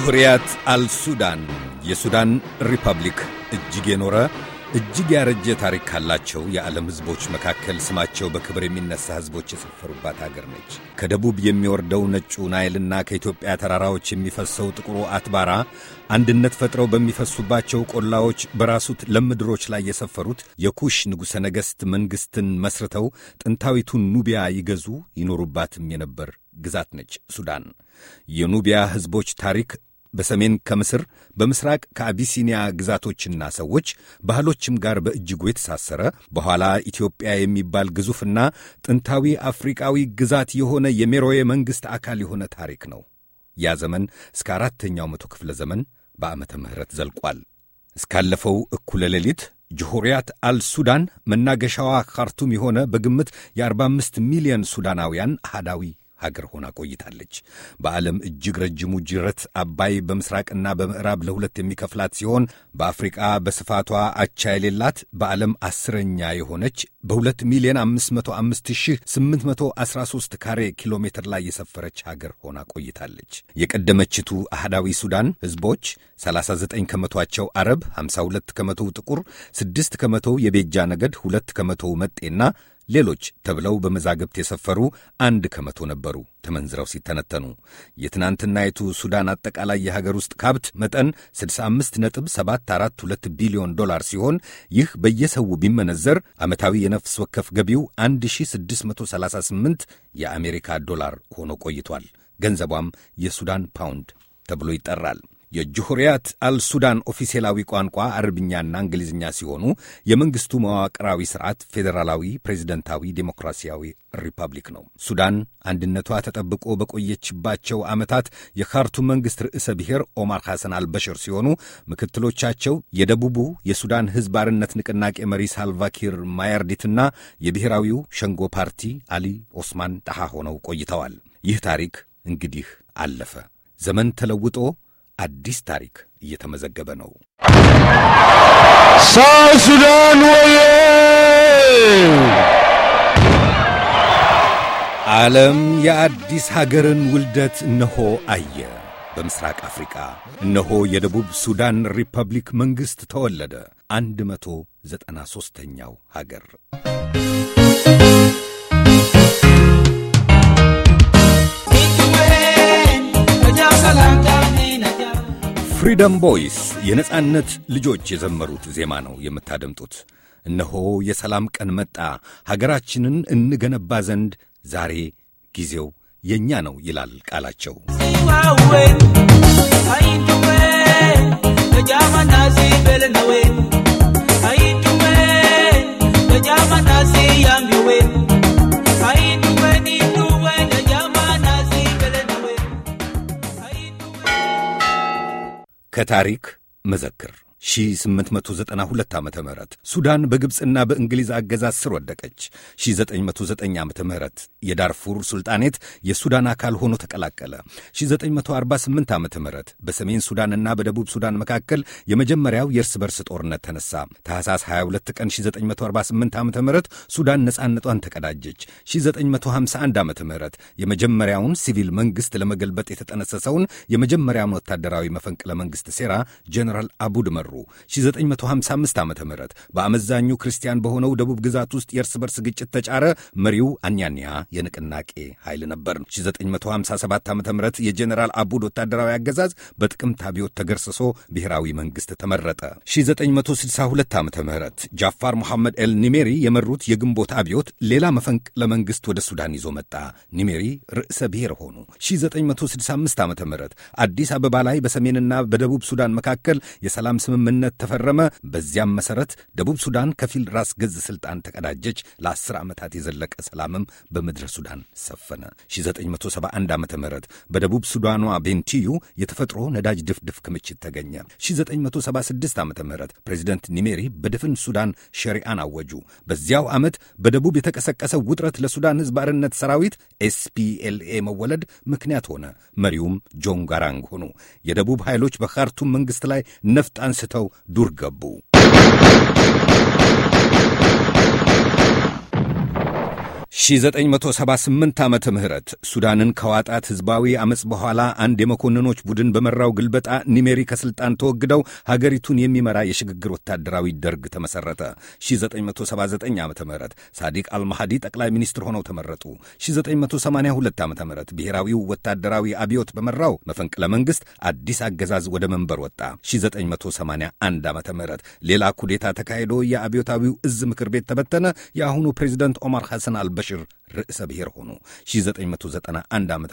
ጁሁሪያት አልሱዳን የሱዳን ሪፐብሊክ እጅግ የኖረ እጅግ ያረጀ ታሪክ ካላቸው የዓለም ሕዝቦች መካከል ስማቸው በክብር የሚነሳ ሕዝቦች የሰፈሩባት አገር ነች። ከደቡብ የሚወርደው ነጩ ናይልና ከኢትዮጵያ ተራራዎች የሚፈሰው ጥቁሩ አትባራ አንድነት ፈጥረው በሚፈሱባቸው ቆላዎች በራሱት ለምድሮች ላይ የሰፈሩት የኩሽ ንጉሠ ነገሥት መንግሥትን መስርተው ጥንታዊቱን ኑቢያ ይገዙ ይኖሩባትም የነበር ግዛት ነች ሱዳን። የኑቢያ ሕዝቦች ታሪክ በሰሜን ከምስር በምስራቅ ከአቢሲኒያ ግዛቶችና ሰዎች ባህሎችም ጋር በእጅጉ የተሳሰረ በኋላ ኢትዮጵያ የሚባል ግዙፍና ጥንታዊ አፍሪቃዊ ግዛት የሆነ የሜሮዬ መንግሥት አካል የሆነ ታሪክ ነው። ያ ዘመን እስከ አራተኛው መቶ ክፍለ ዘመን በዓመተ ምሕረት ዘልቋል። እስካለፈው እኩለ ሌሊት ጅሁሪያት አልሱዳን መናገሻዋ ካርቱም የሆነ በግምት የ45 ሚሊዮን ሱዳናውያን አህዳዊ ሀገር ሆና ቆይታለች። በዓለም እጅግ ረጅሙ ጅረት አባይ በምስራቅና በምዕራብ ለሁለት የሚከፍላት ሲሆን በአፍሪቃ በስፋቷ አቻ የሌላት በዓለም አስረኛ የሆነች በ2 ሚሊዮን አምስት መቶ ሺህ ካሬ ኪሎ ሜትር ላይ የሰፈረች ሀገር ሆና ቆይታለች። የቀደመችቱ አህዳዊ ሱዳን ህዝቦች 39 ከመቶቸው አረብ፣ 52 ከመቶው ጥቁር፣ 6 ከመቶው የቤጃ ነገድ፣ 2 ከመቶው መጤና ሌሎች ተብለው በመዛግብት የሰፈሩ አንድ ከመቶ ነበሩ ተመንዝረው ሲተነተኑ። የትናንትናይቱ ሱዳን አጠቃላይ የሀገር ውስጥ ካብት መጠን 65.742 ቢሊዮን ዶላር ሲሆን ይህ በየሰው ቢመነዘር ዓመታዊ የነፍስ ወከፍ ገቢው 1638 የአሜሪካ ዶላር ሆኖ ቆይቷል። ገንዘቧም የሱዳን ፓውንድ ተብሎ ይጠራል። የጅሁሪያት አልሱዳን ኦፊሴላዊ ቋንቋ አረብኛና እንግሊዝኛ ሲሆኑ የመንግስቱ መዋቅራዊ ስርዓት ፌዴራላዊ ፕሬዚደንታዊ ዴሞክራሲያዊ ሪፐብሊክ ነው። ሱዳን አንድነቷ ተጠብቆ በቆየችባቸው ዓመታት የካርቱም መንግስት ርዕሰ ብሔር ኦማር ሐሰን አልበሽር ሲሆኑ ምክትሎቻቸው የደቡቡ የሱዳን ህዝብ አርነት ንቅናቄ መሪ ሳልቫኪር ማያርዲትና የብሔራዊው ሸንጎ ፓርቲ አሊ ኦስማን ጣሃ ሆነው ቆይተዋል። ይህ ታሪክ እንግዲህ አለፈ። ዘመን ተለውጦ አዲስ ታሪክ እየተመዘገበ ነው። ሳውዝ ሱዳን ወየ! ዓለም የአዲስ ሀገርን ውልደት እነሆ አየ። በምስራቅ አፍሪቃ እነሆ የደቡብ ሱዳን ሪፐብሊክ መንግሥት ተወለደ። አንድ መቶ ዘጠና ሦስተኛው ሀገር ፍሪደም ቦይስ የነጻነት ልጆች የዘመሩት ዜማ ነው የምታደምጡት። እነሆ የሰላም ቀን መጣ፣ ሀገራችንን እንገነባ ዘንድ ዛሬ ጊዜው የእኛ ነው ይላል ቃላቸው። Jama በጃማናሴ yangiwe ከታሪክ መዘክር 1892 ዓ ም ሱዳን በግብፅና በእንግሊዝ አገዛዝ ስር ወደቀች። 1909 ዓ ም የዳርፉር ሱልጣኔት የሱዳን አካል ሆኖ ተቀላቀለ። 1948 ዓ ም በሰሜን ሱዳንና በደቡብ ሱዳን መካከል የመጀመሪያው የእርስ በርስ ጦርነት ተነሳ። ታህሳስ 22 ቀን 1948 ዓ ም ሱዳን ነፃነቷን ተቀዳጀች። 1951 ዓ ም የመጀመሪያውን ሲቪል መንግሥት ለመገልበጥ የተጠነሰሰውን የመጀመሪያውን ወታደራዊ መፈንቅለ መንግሥት ሴራ ጀነራል አቡድ መሩ። 1955 ዓ ም በአመዛኙ ክርስቲያን በሆነው ደቡብ ግዛት ውስጥ የእርስ በርስ ግጭት ተጫረ። መሪው አኛኒያ የንቅናቄ ኃይል ነበር። 957 ዓ ም የጀኔራል አቡድ ወታደራዊ አገዛዝ በጥቅምት አብዮት ተገርስሶ ብሔራዊ መንግሥት ተመረጠ። 962 ዓ ም ጃፋር ሙሐመድ ኤል ኒሜሪ የመሩት የግንቦት አብዮት ሌላ መፈንቅለ መንግሥት ወደ ሱዳን ይዞ መጣ። ኒሜሪ ርዕሰ ብሔር ሆኑ። 965 ዓ ም አዲስ አበባ ላይ በሰሜንና በደቡብ ሱዳን መካከል የሰላም ስምምነት ተፈረመ። በዚያም መሠረት ደቡብ ሱዳን ከፊል ራስ ገዝ ሥልጣን ተቀዳጀች። ለአስር ዓመታት የዘለቀ ሰላምም በምድር ምድረ ሱዳን ሰፈነ። 1971 ዓ ም በደቡብ ሱዳኗ ቤንቲዩ የተፈጥሮ ነዳጅ ድፍድፍ ክምችት ተገኘ። 1976 ዓ ም ፕሬዚደንት ኒሜሪ በድፍን ሱዳን ሸሪአን አወጁ። በዚያው ዓመት በደቡብ የተቀሰቀሰ ውጥረት ለሱዳን ሕዝብ አርነት ሰራዊት ኤስፒኤልኤ መወለድ ምክንያት ሆነ። መሪውም ጆን ጋራንግ ሆኑ። የደቡብ ኃይሎች በካርቱም መንግሥት ላይ ነፍጥ አንስተው ዱር ገቡ። 1978 ዓመተ ምህረት ሱዳንን ከዋጣት ሕዝባዊ ዓመፅ በኋላ አንድ የመኮንኖች ቡድን በመራው ግልበጣ ኒሜሪ ከሥልጣን ተወግደው ሀገሪቱን የሚመራ የሽግግር ወታደራዊ ደርግ ተመሠረተ። 1979 ዓ ምህረት ሳዲቅ አልማሃዲ ጠቅላይ ሚኒስትር ሆነው ተመረጡ። 1982 ዓ ምህረት ብሔራዊው ወታደራዊ አብዮት በመራው መፈንቅለ መንግሥት አዲስ አገዛዝ ወደ መንበር ወጣ። 1981 ዓ ምህረት ሌላ ኩዴታ ተካሂዶ የአብዮታዊው እዝ ምክር ቤት ተበተነ። የአሁኑ ፕሬዚደንት ኦማር ሐሰን አልበሽ Mubashir ርዕሰ ብሔር ሆኑ። 1991 ዓ ም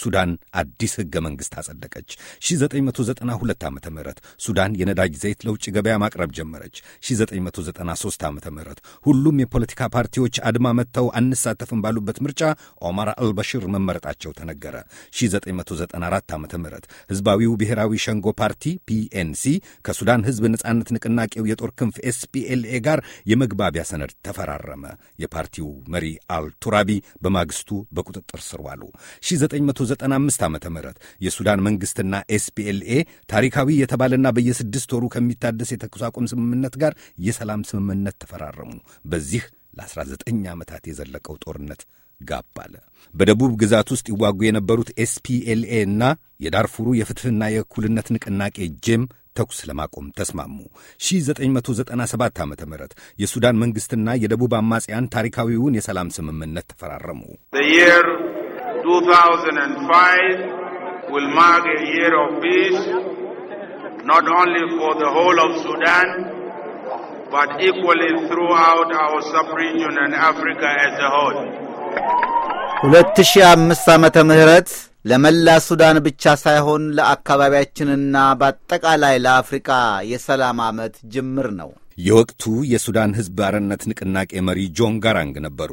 ሱዳን አዲስ ሕገ መንግሥት አጸደቀች። 1992 ዓ ም ሱዳን የነዳጅ ዘይት ለውጭ ገበያ ማቅረብ ጀመረች። 1993 ዓ ም ሁሉም የፖለቲካ ፓርቲዎች አድማ መጥተው አንሳተፍም ባሉበት ምርጫ ኦማር አልበሽር መመረጣቸው ተነገረ። 1994 ዓ ም ሕዝባዊው ብሔራዊ ሸንጎ ፓርቲ ፒኤንሲ ከሱዳን ሕዝብ ነጻነት ንቅናቄው የጦር ክንፍ ኤስፒኤልኤ ጋር የመግባቢያ ሰነድ ተፈራረመ። የፓርቲው መሪ አልቶ ቱራቢ በማግስቱ በቁጥጥር ስር ዋሉ። 1995 ዓ ም የሱዳን መንግሥትና ኤስፒኤልኤ ታሪካዊ የተባለና በየስድስት ወሩ ከሚታደስ የተኩስ አቁም ስምምነት ጋር የሰላም ስምምነት ተፈራረሙ። በዚህ ለ19 ዓመታት የዘለቀው ጦርነት ጋብ አለ። በደቡብ ግዛት ውስጥ ይዋጉ የነበሩት ኤስፒኤልኤ እና የዳርፉሩ የፍትሕና የእኩልነት ንቅናቄ ጄም ተኩስ ለማቆም ተስማሙ። 1997 ዓ ም የሱዳን መንግሥትና የደቡብ አማጽያን ታሪካዊውን የሰላም ስምምነት ተፈራረሙ። ሁለት equally አምስት ዓመተ ምህረት ለመላ ሱዳን ብቻ ሳይሆን ለአካባቢያችንና በአጠቃላይ ለአፍሪቃ የሰላም ዓመት ጅምር ነው። የወቅቱ የሱዳን ሕዝብ አርነት ንቅናቄ መሪ ጆን ጋራንግ ነበሩ።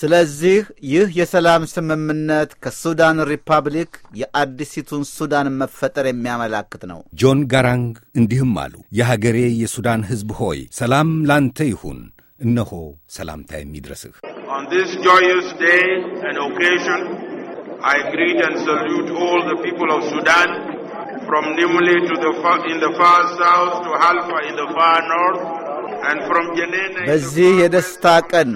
ስለዚህ ይህ የሰላም ስምምነት ከሱዳን ሪፐብሊክ የአዲሲቱን ሱዳን መፈጠር የሚያመላክት ነው። ጆን ጋራንግ እንዲህም አሉ። የሀገሬ የሱዳን ሕዝብ ሆይ ሰላም ላንተ ይሁን። እነሆ ሰላምታ የሚድረስህ። በዚህ የደስታ ቀን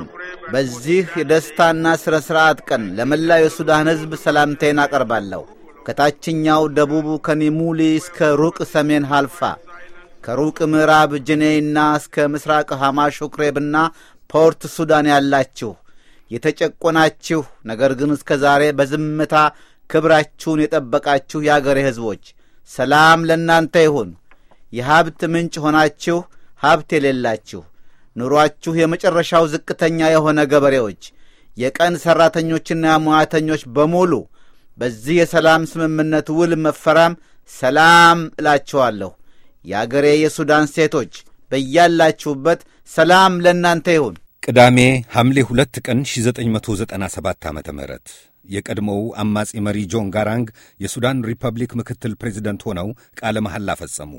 በዚህ የደስታና ሥነ ሥርዓት ቀን ለመላው የሱዳን ሕዝብ ሰላምታዬን አቀርባለሁ። ከታችኛው ደቡብ ከኒሙሊ እስከ ሩቅ ሰሜን ሃልፋ ከሩቅ ምዕራብ ጀኔይና እስከ ምስራቅ ሐማ ሹክሬብና ፖርት ሱዳን ያላችሁ የተጨቆናችሁ ነገር ግን እስከ ዛሬ በዝምታ ክብራችሁን የጠበቃችሁ የአገሬ ሕዝቦች ሰላም ለእናንተ ይሁን። የሀብት ምንጭ ሆናችሁ ሀብት የሌላችሁ ኑሮአችሁ የመጨረሻው ዝቅተኛ የሆነ ገበሬዎች፣ የቀን ሠራተኞችና ሙያተኞች በሙሉ በዚህ የሰላም ስምምነት ውል መፈራም ሰላም እላችኋለሁ። የአገሬ የሱዳን ሴቶች በያላችሁበት ሰላም ለእናንተ ይሁን። ቅዳሜ ሐምሌ 2 ቀን 1997 ዓ ም የቀድሞው አማጺ መሪ ጆን ጋራንግ የሱዳን ሪፐብሊክ ምክትል ፕሬዚደንት ሆነው ቃለ መሐላ ፈጸሙ።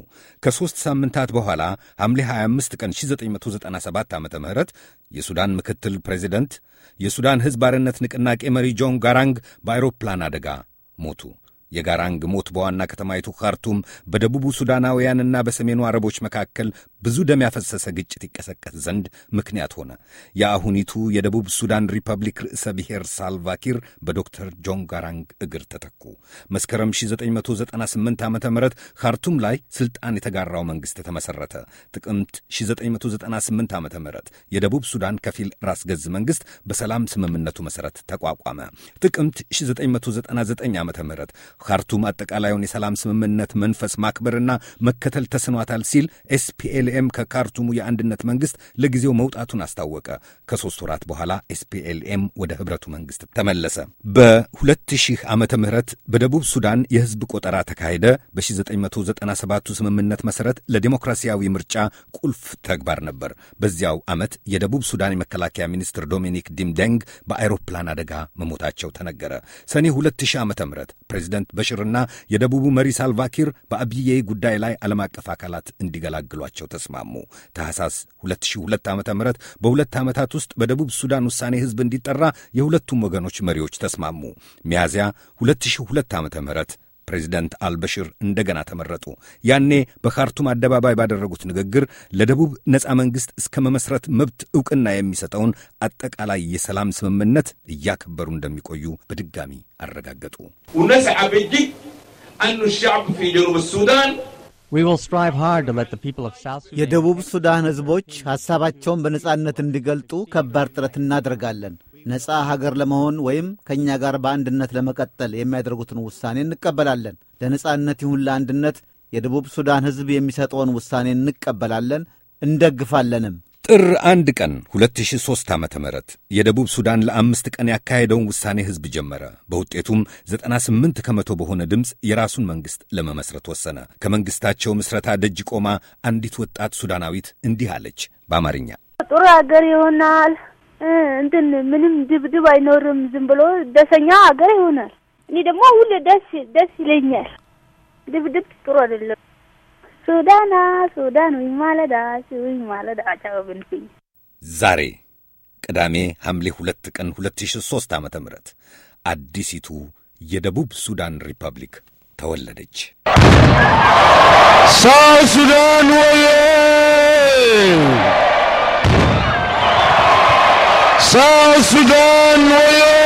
ከሦስት ሳምንታት በኋላ ሐምሌ 25 ቀን 1997 ዓ ም የሱዳን ምክትል ፕሬዚደንት የሱዳን ሕዝብ አርነት ንቅናቄ መሪ ጆን ጋራንግ በአይሮፕላን አደጋ ሞቱ። የጋራንግ ሞት በዋና ከተማይቱ ካርቱም በደቡቡ ሱዳናውያንና በሰሜኑ አረቦች መካከል ብዙ ደም ያፈሰሰ ግጭት ይቀሰቀስ ዘንድ ምክንያት ሆነ። የአሁኒቱ የደቡብ ሱዳን ሪፐብሊክ ርዕሰ ብሔር ሳልቫኪር በዶክተር ጆን ጋራንግ እግር ተተኩ። መስከረም 1998 ዓ ም ካርቱም ላይ ስልጣን የተጋራው መንግሥት ተመሠረተ። ጥቅምት 1998 ዓ ም የደቡብ ሱዳን ከፊል ራስ ገዝ መንግሥት በሰላም ስምምነቱ መሠረት ተቋቋመ። ጥቅምት 1999 ዓ ም ካርቱም አጠቃላዩን የሰላም ስምምነት መንፈስ ማክበርና መከተል ተስኗታል ሲል ኤስፒኤልኤም ከካርቱሙ የአንድነት መንግስት ለጊዜው መውጣቱን አስታወቀ። ከሶስት ወራት በኋላ ኤስፒኤልኤም ወደ ህብረቱ መንግስት ተመለሰ። በ2000 ዓመተ ምህረት በደቡብ ሱዳን የህዝብ ቆጠራ ተካሄደ። 1997 ስምምነት መሰረት ለዲሞክራሲያዊ ምርጫ ቁልፍ ተግባር ነበር። በዚያው ዓመት የደቡብ ሱዳን የመከላከያ ሚኒስትር ዶሚኒክ ዲምደንግ በአይሮፕላን አደጋ መሞታቸው ተነገረ። ሰኔ 2000 ዓ ም ፕሬዚደንት ፕሬዚዳንት በሽርና የደቡቡ መሪ ሳልቫኪር በአብዬ ጉዳይ ላይ ዓለም አቀፍ አካላት እንዲገላግሏቸው ተስማሙ። ታህሳስ 2002 ዓ ም በሁለት ዓመታት ውስጥ በደቡብ ሱዳን ውሳኔ ሕዝብ እንዲጠራ የሁለቱም ወገኖች መሪዎች ተስማሙ። ሚያዝያ 2002 ዓ ም ፕሬዚዳንት አልበሽር እንደገና ተመረጡ። ያኔ በካርቱም አደባባይ ባደረጉት ንግግር ለደቡብ ነፃ መንግሥት እስከ መመስረት መብት ዕውቅና የሚሰጠውን አጠቃላይ የሰላም ስምምነት እያከበሩ እንደሚቆዩ በድጋሚ አረጋገጡ። የደቡብ ሱዳን ሕዝቦች ሐሳባቸውን በነጻነት እንዲገልጡ ከባድ ጥረት እናደርጋለን። ነፃ ሀገር ለመሆን ወይም ከእኛ ጋር በአንድነት ለመቀጠል የሚያደርጉትን ውሳኔ እንቀበላለን። ለነጻነት ይሁን ለአንድነት የደቡብ ሱዳን ሕዝብ የሚሰጠውን ውሳኔ እንቀበላለን፣ እንደግፋለንም። ጥር አንድ ቀን 2003 ዓ ም የደቡብ ሱዳን ለአምስት ቀን ያካሄደውን ውሳኔ ሕዝብ ጀመረ። በውጤቱም 98 ከመቶ በሆነ ድምፅ የራሱን መንግሥት ለመመስረት ወሰነ። ከመንግሥታቸው ምስረታ ደጅ ቆማ አንዲት ወጣት ሱዳናዊት እንዲህ አለች በአማርኛ ጥሩ አገር ይሆናል እንትን ምንም ድብድብ አይኖርም። ዝም ብሎ ደሰኛ ሀገር ይሆናል። እኔ ደግሞ ሁሌ ደስ ደስ ይለኛል። ድብድብ ጥሩ አይደለም። ሱዳና ሱዳን ወይ ማለዳ ወይ ማለዳ ጫበብንፍኝ ዛሬ ቅዳሜ ሐምሌ ሁለት ቀን ሁለት ሺ ሶስት ዓ ም አዲሲቱ የደቡብ ሱዳን ሪፐብሊክ ተወለደች። ሳ ሱዳን ወይ South Sudan Warriors!